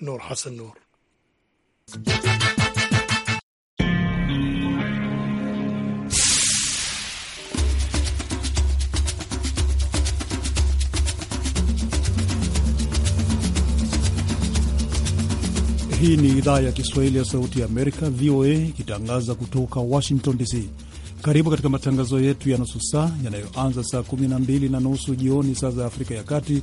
Nur Hassan Nur. Hii ni idhaa ya Kiswahili ya Sauti ya Amerika, VOA, ikitangaza kutoka Washington DC. Karibu katika matangazo yetu ya nusu saa yanayoanza saa 12 na nusu jioni saa za Afrika ya Kati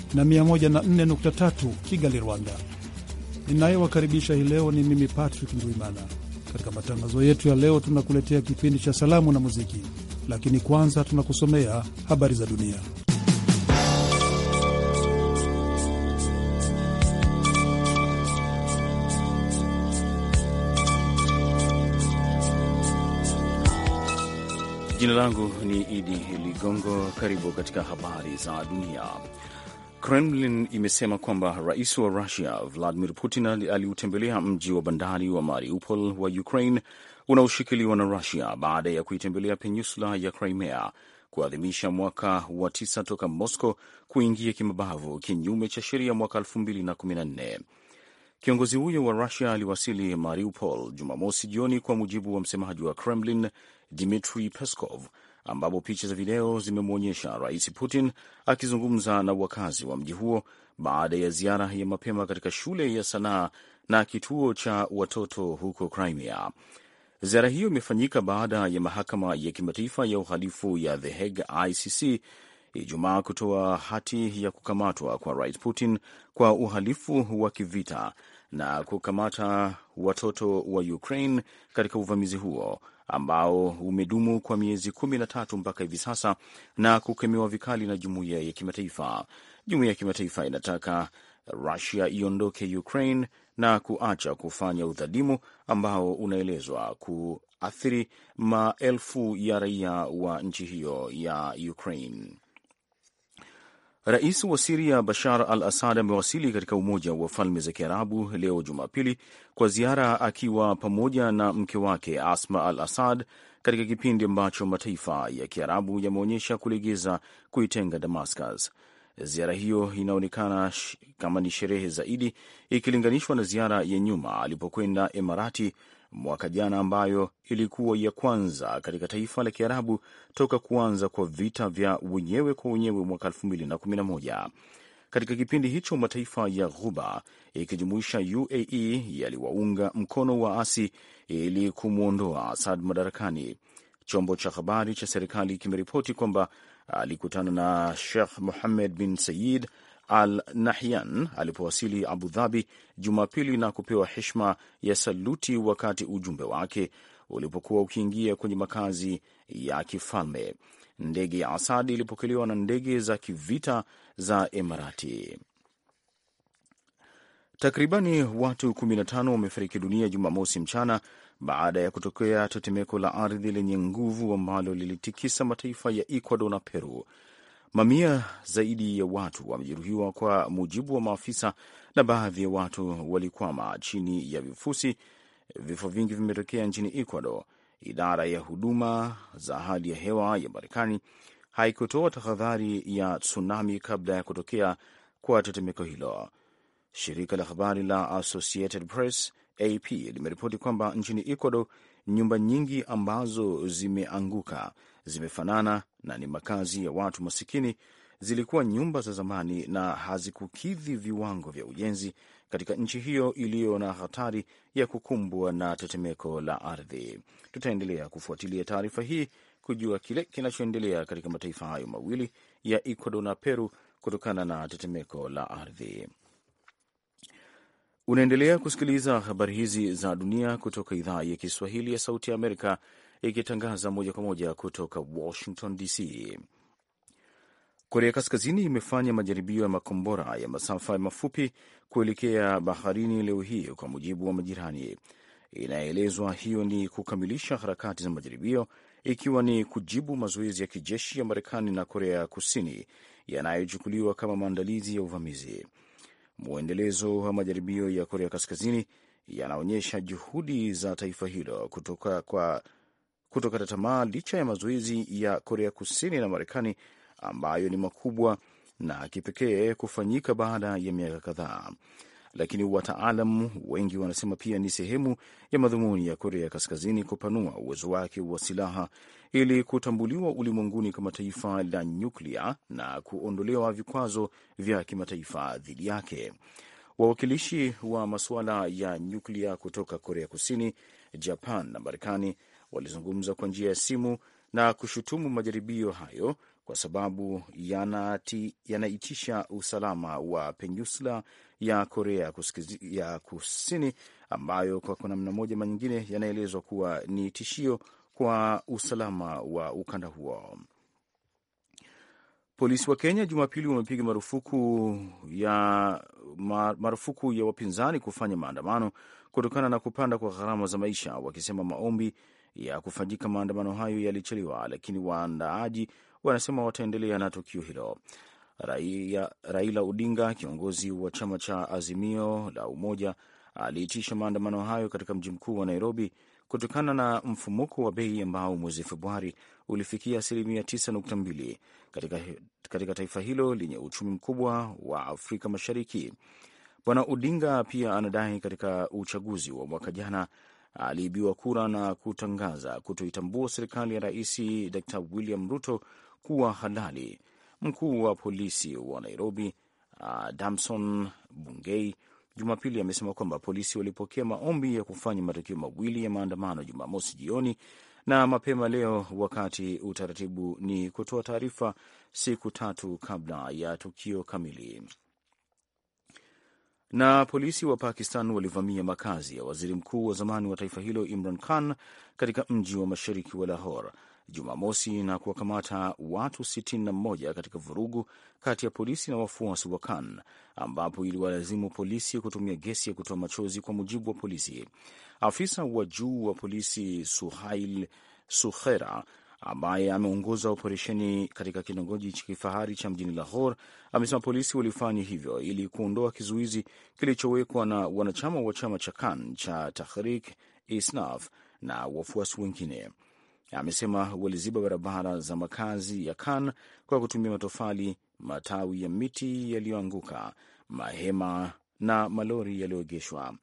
na 104.3 Kigali, Rwanda. Ninayewakaribisha hii leo ni mimi Patrick Ndwimana. Katika matangazo yetu ya leo, tunakuletea kipindi cha salamu na muziki, lakini kwanza tunakusomea habari za dunia. Jina langu ni Idi Ligongo. Karibu katika habari za dunia. Kremlin imesema kwamba rais wa Russia Vladimir Putin aliutembelea mji wa bandari wa Mariupol wa Ukraine unaoshikiliwa na Russia baada ya kuitembelea peninsula ya Crimea kuadhimisha mwaka wa tisa toka Moscow kuingia kimabavu kinyume cha sheria mwaka 2014. Kiongozi huyo wa rusia aliwasili Mariupol Jumamosi jioni, kwa mujibu wa msemaji wa Kremlin dmitri Peskov ambapo picha za video zimemwonyesha Rais Putin akizungumza na wakazi wa mji huo baada ya ziara ya mapema katika shule ya sanaa na kituo cha watoto huko Crimea. Ziara hiyo imefanyika baada ya mahakama ya kimataifa ya uhalifu ya The Hague ICC Ijumaa kutoa hati ya kukamatwa kwa Rais Putin kwa uhalifu wa kivita na kukamata watoto wa Ukraine katika uvamizi huo ambao umedumu kwa miezi kumi na tatu mpaka hivi sasa na kukemewa vikali na jumuiya ya kimataifa. Jumuiya ya kimataifa inataka Rusia iondoke Ukraine na kuacha kufanya udhalimu ambao unaelezwa kuathiri maelfu ya raia wa nchi hiyo ya Ukraine. Rais wa Siria Bashar al Assad amewasili katika Umoja wa Falme za Kiarabu leo Jumapili kwa ziara akiwa pamoja na mke wake Asma al Assad, katika kipindi ambacho mataifa ya Kiarabu yameonyesha kulegeza kuitenga Damascus. Ziara hiyo inaonekana kama ni sherehe zaidi ikilinganishwa na ziara ya nyuma alipokwenda Emarati mwaka jana, ambayo ilikuwa ya kwanza katika taifa la Kiarabu toka kuanza kwa vita vya wenyewe kwa wenyewe mwaka 2011. Katika kipindi hicho mataifa ya Ghuba ikijumuisha UAE yaliwaunga mkono waasi ili kumwondoa Asad madarakani. Chombo cha habari cha serikali kimeripoti kwamba alikutana na Sheikh Mohammed bin Sayid Al Nahyan alipowasili Abu Dhabi Jumapili na kupewa heshima ya saluti wakati ujumbe wake ulipokuwa ukiingia kwenye makazi ya kifalme. Ndege ya Asadi ilipokelewa na ndege za kivita za Emirati. Takribani watu 15 wamefariki dunia Jumamosi mchana baada ya kutokea tetemeko la ardhi lenye nguvu ambalo lilitikisa mataifa ya Ecuador na Peru. Mamia zaidi ya watu wamejeruhiwa kwa mujibu wa maafisa, na baadhi ya watu walikwama chini ya vifusi. Vifo vingi vimetokea nchini Ecuador. Idara ya huduma za hali ya hewa ya Marekani haikutoa tahadhari ya tsunami kabla ya kutokea kwa tetemeko hilo. Shirika la habari la Associated Press AP limeripoti kwamba nchini Ecuador nyumba nyingi ambazo zimeanguka zimefanana na ni makazi ya watu masikini, zilikuwa nyumba za zamani na hazikukidhi viwango vya ujenzi katika nchi hiyo iliyo na hatari ya kukumbwa na tetemeko la ardhi. Tutaendelea kufuatilia taarifa hii kujua kile kinachoendelea katika mataifa hayo mawili ya Ecuador na Peru kutokana na tetemeko la ardhi. Unaendelea kusikiliza habari hizi za dunia kutoka idhaa ya Kiswahili ya Sauti ya Amerika ikitangaza moja kwa moja kutoka Washington DC. Korea Kaskazini imefanya majaribio ya makombora ya masafa mafupi kuelekea baharini leo hii, kwa mujibu wa majirani. Inaelezwa hiyo ni kukamilisha harakati za majaribio, ikiwa ni kujibu mazoezi ya kijeshi ya Marekani na Korea Kusini yanayochukuliwa kama maandalizi ya uvamizi. Mwendelezo wa majaribio ya Korea Kaskazini yanaonyesha juhudi za taifa hilo kutoka kwa kutokata tamaa licha ya mazoezi ya Korea Kusini na Marekani ambayo ni makubwa na kipekee kufanyika baada ya miaka kadhaa, lakini wataalam wengi wanasema pia ni sehemu ya madhumuni ya Korea Kaskazini kupanua uwezo wake wa silaha ili kutambuliwa ulimwenguni kama taifa la nyuklia na kuondolewa vikwazo vya kimataifa dhidi yake. Wawakilishi wa masuala ya nyuklia kutoka Korea Kusini, Japan na Marekani walizungumza kwa njia ya simu na kushutumu majaribio hayo kwa sababu yanaitisha yana usalama wa peninsula ya Korea ya Kusini, ambayo kwa namna moja manyingine yanaelezwa kuwa ni tishio kwa usalama wa ukanda huo. Polisi wa Kenya Jumapili wamepiga marufuku ya, marufuku ya wapinzani kufanya maandamano kutokana na kupanda kwa gharama za maisha, wakisema maombi ya kufanyika maandamano hayo yalicheliwa lakini waandaaji wanasema wataendelea na tukio hilo. Raia, Raila Odinga, kiongozi wa chama cha Azimio la Umoja, aliitisha maandamano hayo katika mji mkuu wa Nairobi kutokana na mfumuko wa bei ambao mwezi Februari ulifikia asilimia 9.2 katika, katika taifa hilo lenye uchumi mkubwa wa Afrika Mashariki. Bwana Odinga pia anadai katika uchaguzi wa mwaka jana aliibiwa kura na kutangaza kutoitambua serikali ya Rais Dkt William Ruto kuwa halali. Mkuu wa polisi wa Nairobi Damson Bungei Jumapili amesema kwamba polisi walipokea maombi ya kufanya matukio mawili ya maandamano Jumamosi jioni na mapema leo, wakati utaratibu ni kutoa taarifa siku tatu kabla ya tukio kamili na polisi wa Pakistan walivamia makazi ya waziri mkuu wa zamani wa taifa hilo Imran Khan katika mji wa mashariki wa Lahore Jumamosi na kuwakamata watu 61 katika vurugu kati ya polisi na wafuasi wa Khan, ambapo iliwalazimu polisi kutumia gesi ya kutoa machozi, kwa mujibu wa polisi. Afisa wa juu wa polisi Suhail Sukhera ambaye ameongoza operesheni katika kitongoji cha kifahari cha mjini Lahore amesema polisi walifanya hivyo ili kuondoa kizuizi kilichowekwa na wanachama wa chama cha KAN cha Tahrik Isnaf na wafuasi wengine. Amesema waliziba barabara za makazi ya KAN kwa kutumia matofali, matawi ya miti yaliyoanguka, mahema na malori yaliyoegeshwa.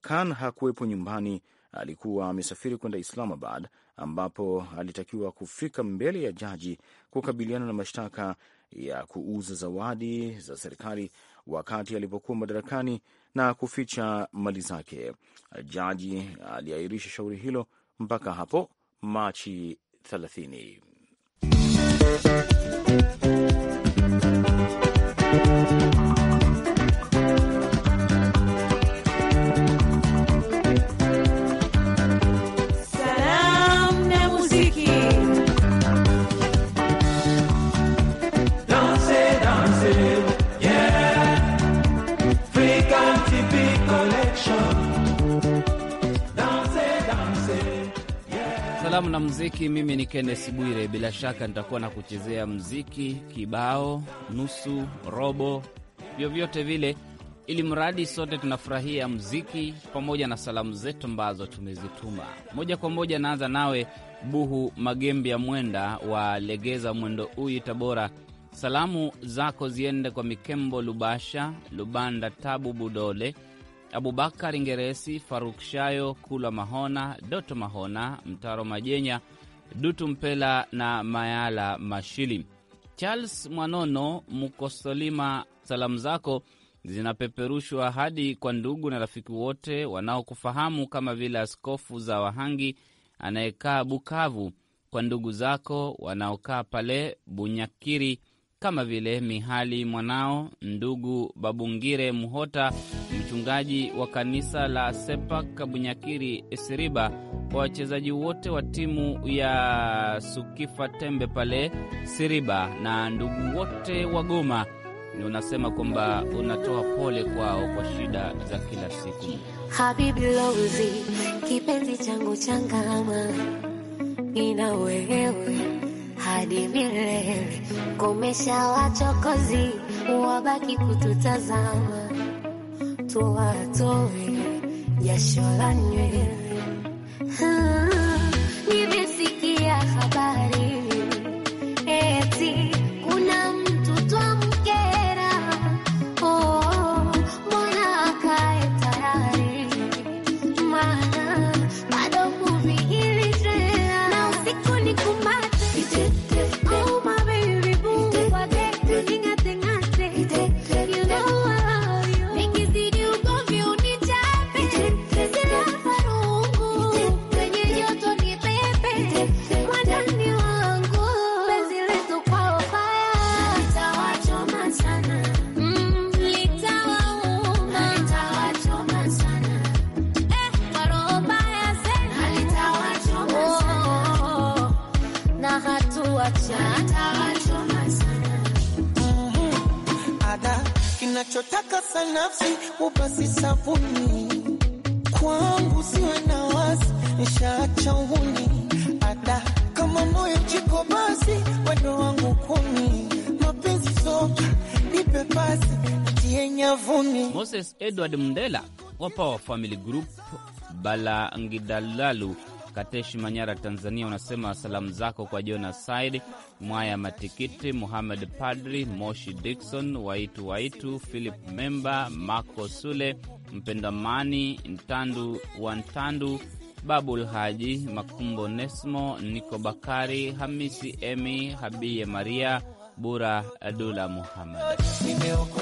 KAN hakuwepo nyumbani alikuwa amesafiri kwenda Islamabad ambapo alitakiwa kufika mbele ya jaji kukabiliana na mashtaka ya kuuza zawadi za serikali wakati alipokuwa madarakani na kuficha mali zake. Jaji aliahirisha shauri hilo mpaka hapo Machi 30. wiki. Mimi ni Kennes Bwire, bila shaka nitakuwa na kuchezea mziki kibao, nusu, robo, vyovyote vile, ili mradi sote tunafurahia mziki pamoja na salamu zetu ambazo tumezituma moja kwa moja. Naanza nawe Buhu magembi ya Mwenda wa Legeza Mwendo Uyi, Tabora. Salamu zako ziende kwa Mikembo Lubasha Lubanda, Tabu Budole, Abubakar Ngeresi, Faruk Shayo, Kula Mahona, Doto Mahona, Mtaro Majenya, Dutu Mpela na Mayala Mashili. Charles Mwanono Mkosolima, salamu zako zinapeperushwa hadi kwa ndugu na rafiki wote wanaokufahamu kama vile Askofu za Wahangi anayekaa Bukavu, kwa ndugu zako wanaokaa pale Bunyakiri kama vile Mihali Mwanao, ndugu Babungire Mhota mchungaji wa kanisa la Sepak Bunyakiri Esiriba kwa wachezaji wote wa timu ya Sukifa Tembe pale Siriba na ndugu wote wa Goma, ni unasema kwamba unatoa pole kwao kwa shida za kila siku. Habibi Lozi, kipenzi changu changama, nina wewe hadi milele, komesha wachokozi wabaki kututazama mtu jasho la nywele ada kama moyo chiko basi wendo wangu mapenzi soka nipe pasi tie nyavuni. Moses Edward Mndela wa Power Family Group Balangidalalu Kateshi, Manyara, Tanzania, unasema salamu zako kwa jona Said Mwaya, Matikiti Muhamed, Padri Moshi, Dikson Waitu, Waitu Philip Memba, Marco Sule, Mpendamani Ntandu wa Ntandu Babul Haji Makumbo, Nesmo Niko, Bakari Hamisi, Emi Habiye, Maria Bura, Adula Muhammad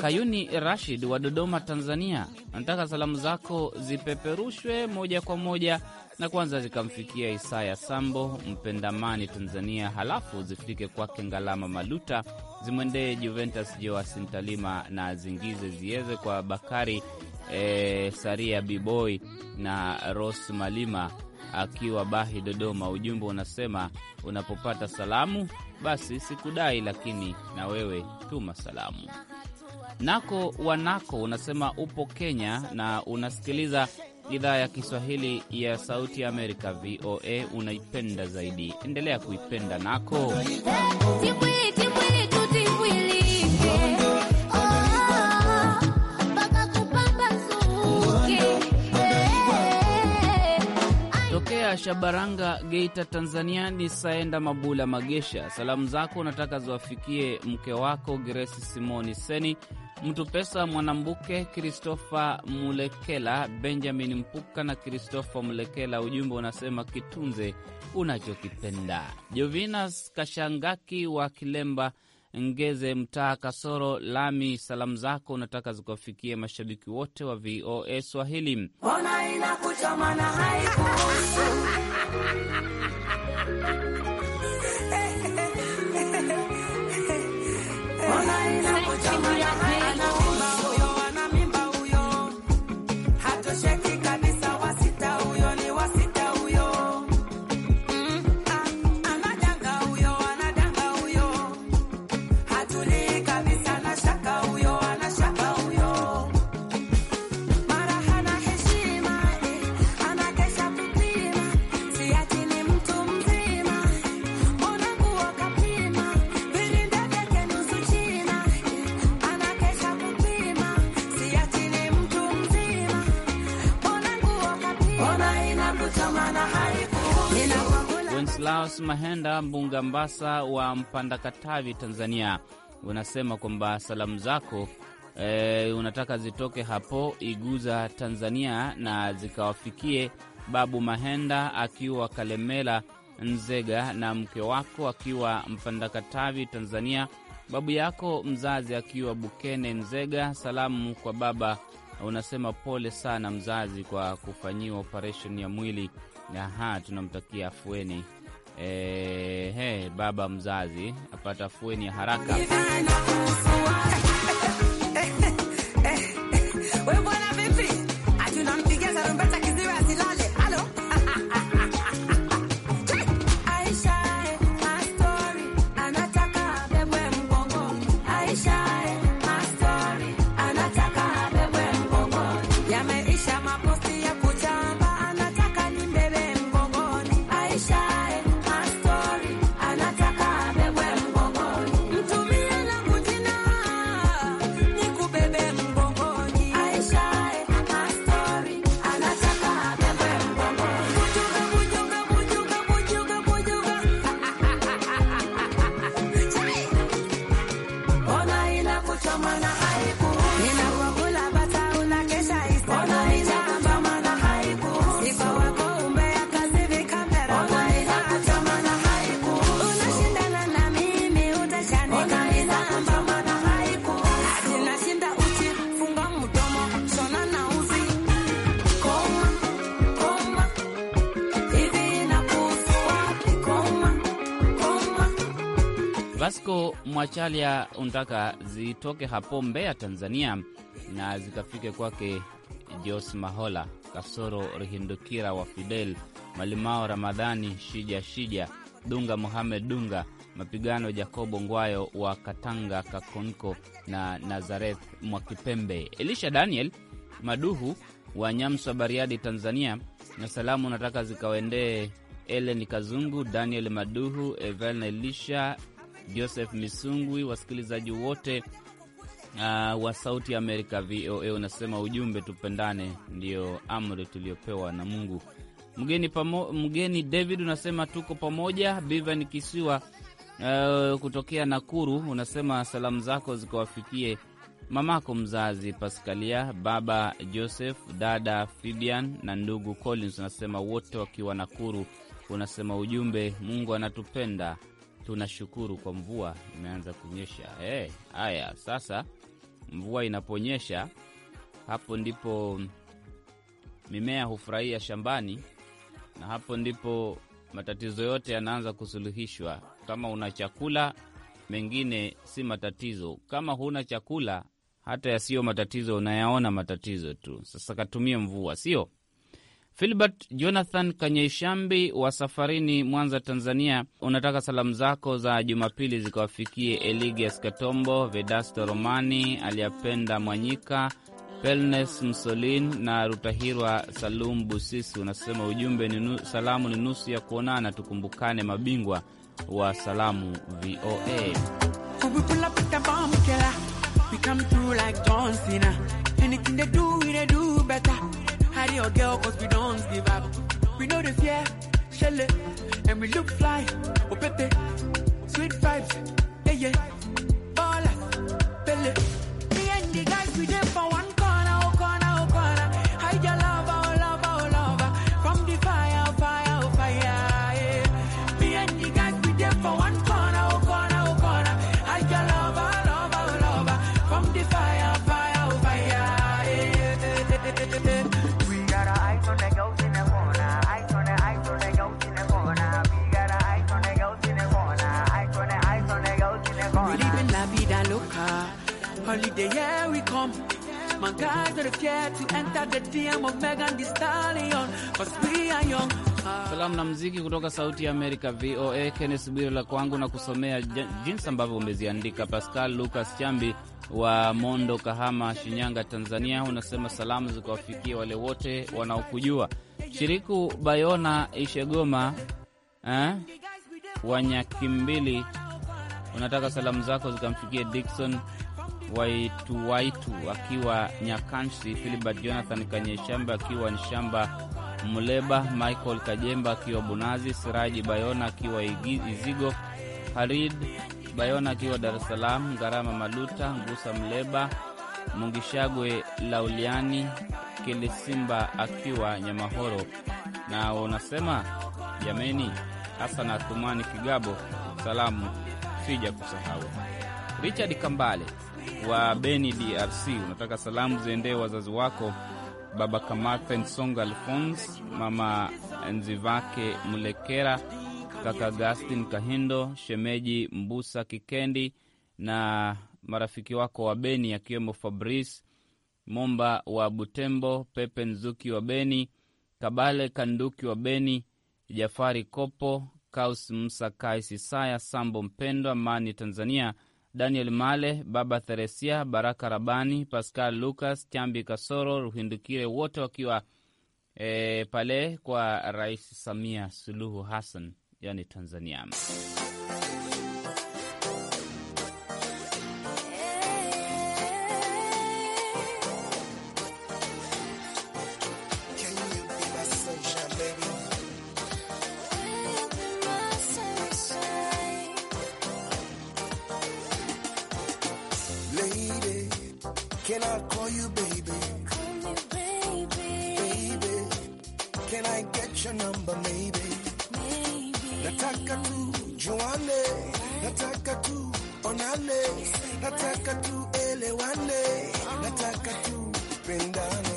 Kayuni Rashid wa Dodoma, Tanzania, anataka salamu zako zipeperushwe moja kwa moja na kwanza zikamfikia Isaya Sambo Mpendamani, Tanzania, halafu zifike kwake Ngalama Maluta, zimwendee Juventus Joasintalima na zingize ziweze kwa Bakari e, Saria Biboy na Ros Malima akiwa Bahi, Dodoma. Ujumbe unasema unapopata salamu basi sikudai, lakini na wewe tuma salamu. Nako wanako unasema upo Kenya na unasikiliza idhaa ya Kiswahili ya Sauti ya Amerika, VOA. Unaipenda zaidi, endelea kuipenda nako Shabaranga, Geita, Tanzania ni Saenda Mabula Magesha. Salamu zako unataka ziwafikie mke wako Gresi Simoni Seni, Mtu Pesa Mwanambuke, Kristofa Mulekela, Benjamin Mpuka na Kristofa Mulekela. Ujumbe unasema kitunze unachokipenda. Jovinas Kashangaki wa Kilemba Ngeze Mtaa Kasoro Lami, salamu zako unataka zikuwafikie mashabiki wote wa VOA Swahili. Ona inakuchomana haikuhusu Stanislaus Mahenda Mbungambasa wa Mpanda, Katavi, Tanzania, unasema kwamba salamu zako e, unataka zitoke hapo Iguza, Tanzania, na zikawafikie Babu Mahenda akiwa Kalemela, Nzega, na mke wako akiwa Mpanda, Katavi, Tanzania, babu yako mzazi akiwa Bukene, Nzega. Salamu kwa baba unasema pole sana mzazi kwa kufanyiwa operesheni ya mwili. Aha, tunamtakia afueni eh, hey, baba mzazi apata fueni haraka Machalia unataka zitoke hapo Mbeya, Tanzania, na zikafike kwake Jos Mahola, Kasoro Rihindukira wa Fidel Malimao, Ramadhani Shija Shija, Dunga muhamed Dunga, Mapigano Jacobo Ngwayo wa Katanga Kakonko na Nazareth Mwakipembe, Elisha Daniel Maduhu wa Nyamswa, Bariadi, Tanzania, na salamu nataka zikawendee Elen Kazungu, Daniel Maduhu, Evan Elisha Joseph Misungwi, wasikilizaji wote uh, wa Sauti america Amerika VOA, unasema ujumbe tupendane ndiyo amri tuliyopewa na Mungu. Mgeni, pamo, mgeni David unasema tuko pamoja. Bivan Kisiwa uh, kutokea Nakuru unasema salamu zako zikawafikie mamako mzazi Paskalia, baba Joseph, dada Fibian na ndugu Collins, unasema wote wakiwa Nakuru. Unasema ujumbe, Mungu anatupenda tunashukuru kwa mvua imeanza kunyesha. Hey, eh, haya sasa, mvua inaponyesha, hapo ndipo mimea hufurahia shambani, na hapo ndipo matatizo yote yanaanza kusuluhishwa. Kama una chakula, mengine si matatizo. Kama huna chakula, hata yasiyo matatizo unayaona matatizo tu. Sasa katumie mvua, sio Filbert Jonathan Kanyeishambi wa safarini Mwanza, Tanzania, unataka salamu zako za Jumapili zikawafikie Eligias Katombo, Vedasto Romani, Aliyapenda Mwanyika, Pelnes Msolin na Rutahirwa Salum Busisi. Unasema ujumbe ni salamu ni nusu ya kuonana, tukumbukane. Mabingwa wa salamu VOA. carry your girl cause we don't give up. We know the fear, shell it, and we look fly, oh pepe. Sweet vibes, yeah yeah, ballers, belly. Holiday, here we come. My guys are here to enter the DM of Megan Thee Stallion. Cause we are young. Salamu na mziki kutoka Sauti ya Amerika, VOA. Kennes Bwire la kwangu na kusomea jinsi ambavyo umeziandika. Pascal Lucas Chambi wa Mondo, Kahama, Shinyanga, Tanzania, unasema salamu zikawafikia wale wote wanaokujua. Shiriku Bayona Ishegoma eh, Wanyakimbili, unataka salamu zako zikamfikie Dikson Waituwaitu akiwa Nyakansi, Filibert Jonathan Kanyeshamba akiwa Nshamba, Mleba Michael Kajemba akiwa Bunazi, Siraji Bayona akiwa Izigo, Harid Bayona akiwa Dar es Salaam, Gharama Maluta Ngusa Mleba Mungishagwe Lauliani Kilisimba akiwa Nyamahoro. Na unasema jameni, Hasana Athumani Kigabo, salamu sija kusahau Richard Kambale wa Beni, DRC. Unataka salamu ziendee wazazi wako Baba Kamathe Nsonga Alfons, Mama Nzivake mulekera kaka Gastin Kahindo, shemeji Mbusa Kikendi na marafiki wako wa Beni akiwemo Fabrice Momba wa Butembo, Pepe Nzuki wa Beni, Kabale Kanduki wa Beni, Jafari Kopo, Kaus Msa kaisisaya Sambo Mpendwa Mani Tanzania, Daniel Male, Baba Theresia, Baraka Rabani, Pascal Lucas, Chambi Kasoro Ruhindukire, wote wakiwa e, pale kwa Rais Samia Suluhu Hassan, yani Tanzania. nataka tuelewane, nataka tupendane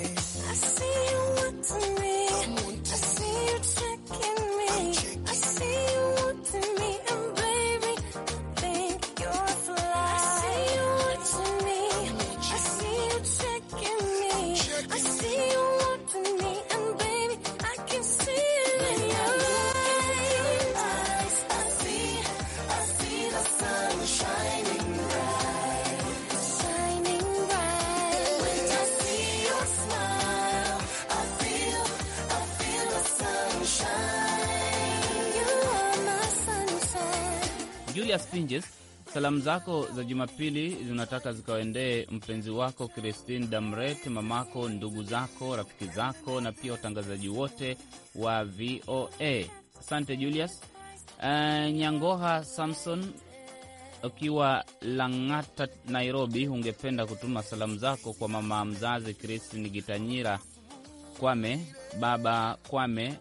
Cecilia Stinges, salamu zako za Jumapili zinataka zikawaendee mpenzi wako Christine Damret, mamako, ndugu zako, rafiki zako na pia watangazaji wote wa VOA. Asante Julius. Uh, Nyangoha Samson ukiwa Lang'ata, Nairobi, ungependa kutuma salamu zako kwa mama mzazi Christine Gitanyira Kwame, baba Kwame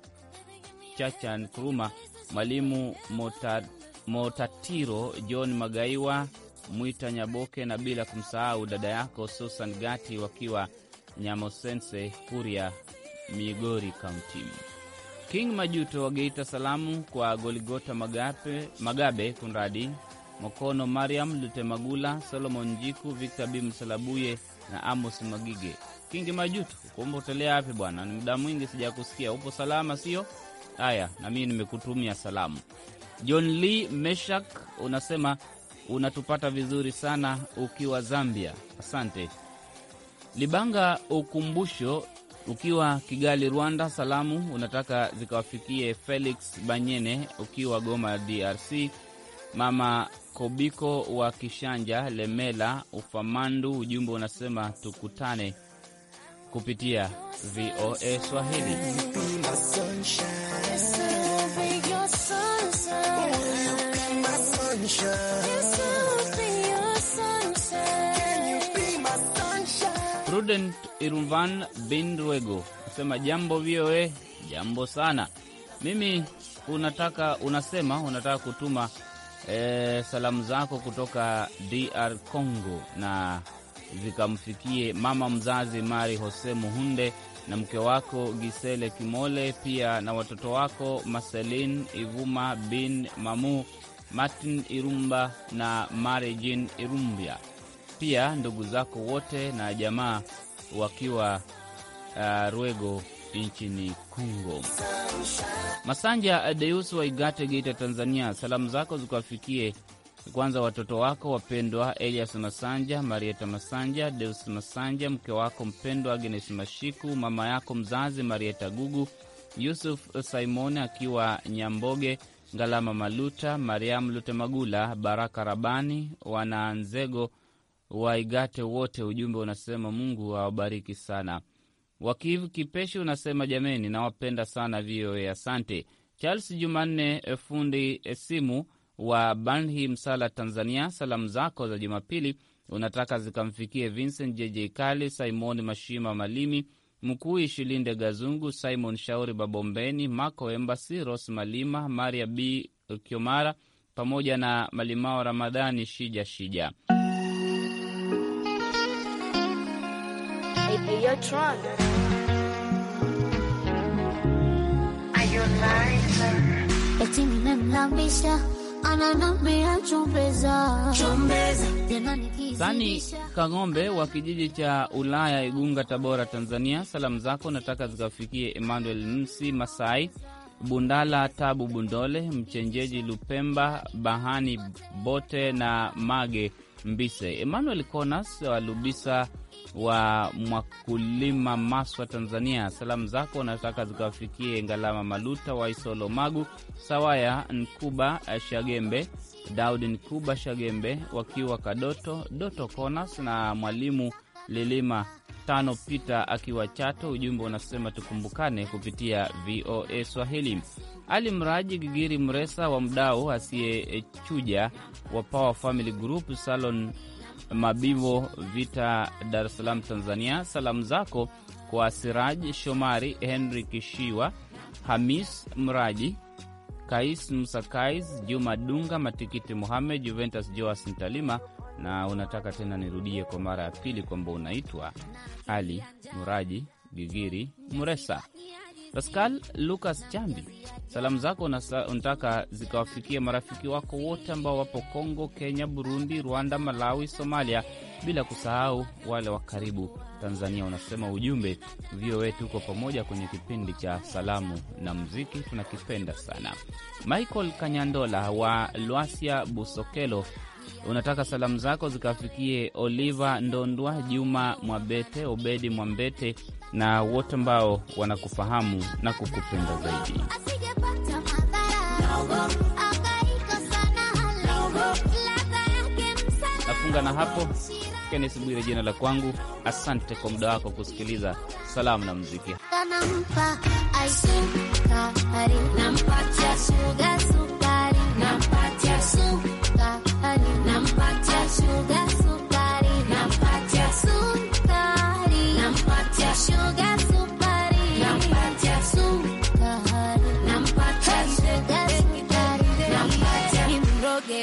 Chacha Nkuruma, mwalimu Motar Motatiro John Magaiwa, Mwita Nyaboke na bila kumsahau dada yako Susan Gati wakiwa Nyamosense, Kuria, Migori Kaunti. King Majuto wa Geita, salamu kwa Goligota Magape, Magabe kunradi Mokono, Mariam Lutemagula, Solomon Njiku, Victor B Msalabuye na Amos Magige. Kingi Majuto, kumbe utelea wapi bwana? Ni muda mwingi sijakusikia. Upo salama sio? Haya, na nimekutumia salamu. John Lee Meshak unasema unatupata vizuri sana ukiwa Zambia, asante. Libanga Ukumbusho ukiwa Kigali, Rwanda, salamu unataka zikawafikie Felix Banyene ukiwa Goma, DRC, mama Kobiko wa Kishanja, Lemela, Ufamandu. Ujumbe unasema tukutane kupitia VOA Swahili. Prudent Irumvan bin Rwego asema jambo VOA, jambo sana. Mimi unataka unasema unataka kutuma e, salamu zako kutoka DR Congo na zikamfikie mama mzazi Mari hose Muhunde na mke wako Gisele Kimole, pia na watoto wako Marcelin Ivuma bin Mamu Martin Irumba na Mary irumbia Irumbya, pia ndugu zako wote na jamaa wakiwa uh, Rwego nchini Kongo. Masanja Deus Waigate, Geita, Tanzania, salamu zako zikuwafikie kwanza watoto wako wapendwa Elias Masanja, Marieta Masanja, Deus Masanja, mke wako mpendwa Agnes Mashiku, mama yako mzazi Marieta Gugu, Yusuf Simon akiwa Nyamboge, Ngalama Maluta, Mariam Lute Magula, Baraka Rabani, Wananzego Waigate wote. Ujumbe unasema Mungu awabariki sana. Wakivu Kipeshi unasema jameni, nawapenda sana VOA, asante. Charles Jumanne fundi simu wa Banhi, Msala, Tanzania, salamu zako za Jumapili unataka zikamfikie Vincent JJ Kali, Simon Mashima Malimi Mkuu Ishilinde Gazungu, Simon Shauri Babombeni, Marco Embasi, Rose Malima, Maria B Kiomara pamoja na Malimao Ramadhani Shija Shija. Hey, Sani Kang'ombe wa kijiji cha Ulaya, Igunga, Tabora, Tanzania. Salamu zako nataka zikafikie Emmanuel Msi Masai, Bundala Tabu Bundole, Mchenjeji Lupemba, Bahani Bote na Mage Mbise. Emmanuel Konas wa Lubisa wa Mwakulima, Maswa, Tanzania, salamu zako unataka zikawafikie Ngalama Maluta wa Isolo Magu, Sawaya Nkuba Shagembe, Daudi Nkuba Shagembe wakiwa Kadoto, Doto Konas na Mwalimu Lilima tano Peter akiwa Chato. Ujumbe unasema tukumbukane kupitia VOA Swahili. Ali Mraji Gigiri Mresa wa mdau asiyechuja wa Power Family Group Salon Mabibo Vita, Dar es Salaam, Tanzania. Salamu zako kwa Siraj Shomari, Henri Kishiwa, Hamis Mraji, Kais Msakais, Juma Dunga, Matikiti Muhamed, Juventus Joas Ntalima na unataka tena nirudie kwa mara ya pili kwamba unaitwa Ali Muraji Gigiri Muresa Pascal Lucas Chambi. Salamu zako unataka zikawafikia marafiki wako wote ambao wapo Kongo, Kenya, Burundi, Rwanda, Malawi, Somalia, bila kusahau wale wa karibu Tanzania. Unasema ujumbe VOA tuko pamoja kwenye kipindi cha salamu na mziki tunakipenda sana. Michael Kanyandola wa Lwasia Busokelo unataka salamu zako zikafikie Oliva Ndondwa, Juma Mwabete, Obedi Mwambete na wote ambao wanakufahamu na kukupenda zaidi. Nafunga na hapo. Kenesi Bwire jina la kwangu. Asante kwa muda wako kusikiliza salamu na muziki.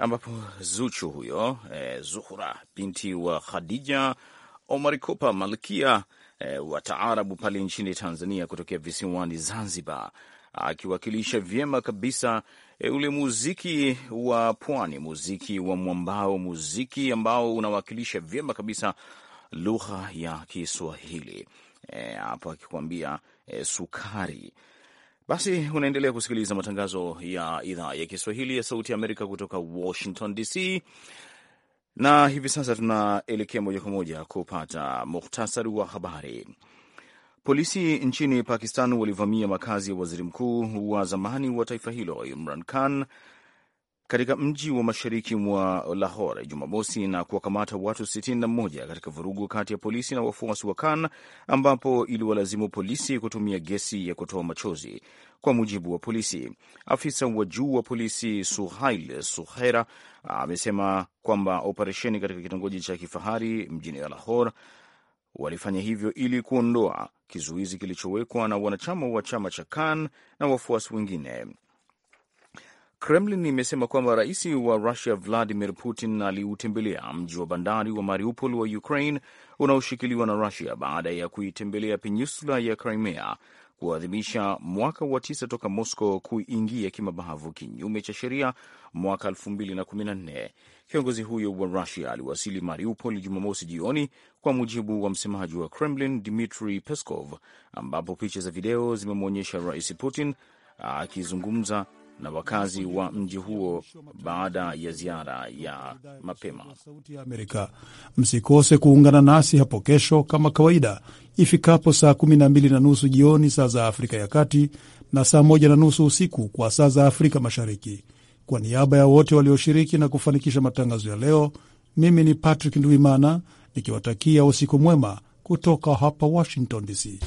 ambapo Zuchu huyo e, Zuhura binti wa Khadija Omar Kopa malkia e, wa taarabu pale nchini Tanzania kutokea visiwani Zanzibar, akiwakilisha vyema kabisa e, ule muziki wa pwani, muziki wa mwambao, muziki ambao unawakilisha vyema kabisa lugha ya Kiswahili e, hapo e, akikuambia e, sukari basi unaendelea kusikiliza matangazo ya idhaa ya Kiswahili ya Sauti ya Amerika kutoka Washington DC, na hivi sasa tunaelekea moja kwa moja kupata muhtasari wa habari. Polisi nchini Pakistan walivamia makazi ya waziri mkuu wa zamani wa taifa hilo Imran Khan katika mji wa mashariki mwa Lahore Jumamosi na kuwakamata watu 61 katika vurugu kati ya polisi na wafuasi wa Khan, ambapo iliwalazimu polisi kutumia gesi ya kutoa machozi. Kwa mujibu wa polisi, afisa wa juu wa polisi Suhail Suhera amesema kwamba operesheni katika kitongoji cha kifahari mjini Lahore walifanya hivyo ili kuondoa kizuizi kilichowekwa na wanachama wa chama cha Khan na wafuasi wengine. Kremlin imesema kwamba rais wa Russia Vladimir Putin aliutembelea mji wa bandari wa Mariupol wa Ukraine unaoshikiliwa na Rusia baada ya kuitembelea peninsula ya Crimea kuadhimisha mwaka wa tisa toka Moscow kuingia kimabavu kinyume cha sheria mwaka 2014. Kiongozi huyo wa rusia aliwasili Mariupol Jumamosi jioni, kwa mujibu wa msemaji wa Kremlin dmitri Peskov, ambapo picha za video zimemwonyesha rais Putin akizungumza na wakazi wa mji huo baada ya ziara ya mapema. sauti ya Amerika, msikose kuungana nasi hapo kesho kama kawaida ifikapo saa 12 na nusu jioni saa za Afrika ya Kati na saa 1 na nusu usiku kwa saa za Afrika Mashariki. Kwa niaba ya wote walioshiriki na kufanikisha matangazo ya leo, mimi ni Patrick Ndwimana nikiwatakia usiku mwema kutoka hapa Washington DC.